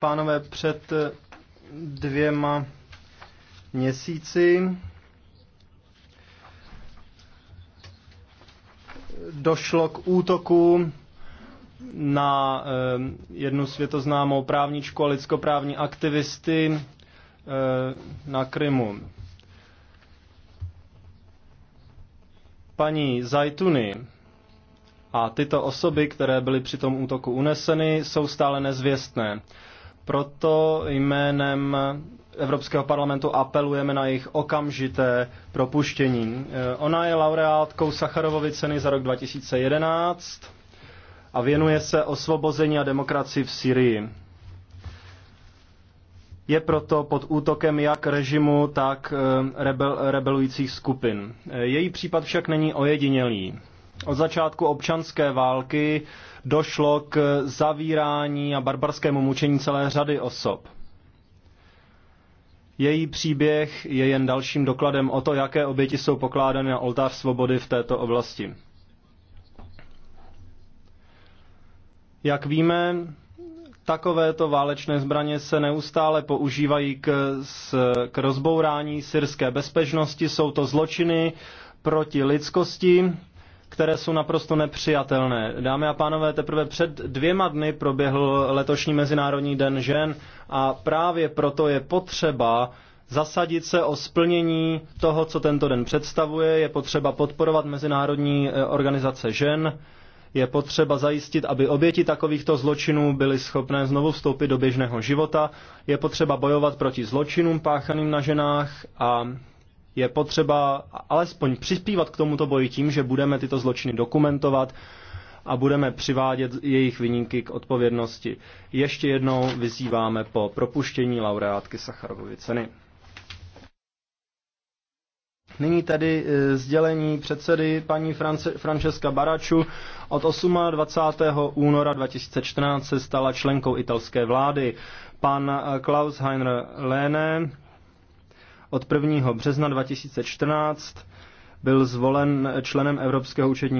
Pánové, před eh, dvěma měsíci došlo k útoku na eh, jednu světoznámou právničku a lidskoprávní aktivisty eh, na Krymu. Paní Zajtuny a tyto osoby, které byly při tom útoku uneseny, jsou stále nezvěstné. Proto jménem Evropského parlamentu apelujeme na jejich okamžité propuštění. Eh, ona je laureátkou Sacharovovy ceny za rok 2011 a věnuje se osvobození a demokracii v Syrii. Je proto pod útokem jak režimu, tak eh, rebel, rebelujících skupin. Eh, její případ však není ojedinělý. Od začátku občanské války došlo k zavírání a barbarskému mučení celé řady osob. Její příběh je jen dalším dokladem o to, jaké oběti jsou pokládány na oltář svobody v této oblasti. Jak víme, takovéto válečné zbraně se neustále používají k, k rozbourání syrské bezpečnosti. Jsou to zločiny proti lidskosti, které jsou naprosto nepřijatelné. Dámy a pánové, teprve před dvěma dny proběhl letošní Mezinárodní den žen a právě proto je potřeba zasadit se o splnění toho, co tento den představuje. Je potřeba podporovat Mezinárodní e, organizace žen, je potřeba zajistit, aby oběti takovýchto zločinů byly schopné znovu vstoupit do běžného života, je potřeba bojovat proti zločinům páchaným na ženách a je potřeba alespoň přispívat k tomuto boji tím, že budeme tyto zločiny dokumentovat a budeme přivádět jejich vyníky k odpovědnosti. Ještě jednou vyzýváme po propuštění laureátky Sacharovovy ceny. Nyní tedy eh, sdělení předsedy paní France, Francesca Baraču. Od 28. února 2014 se stala členkou italské vlády. Pan eh, Klaus Heiner Lehne od 1. března 2014 byl zvolen členem Evropského účetního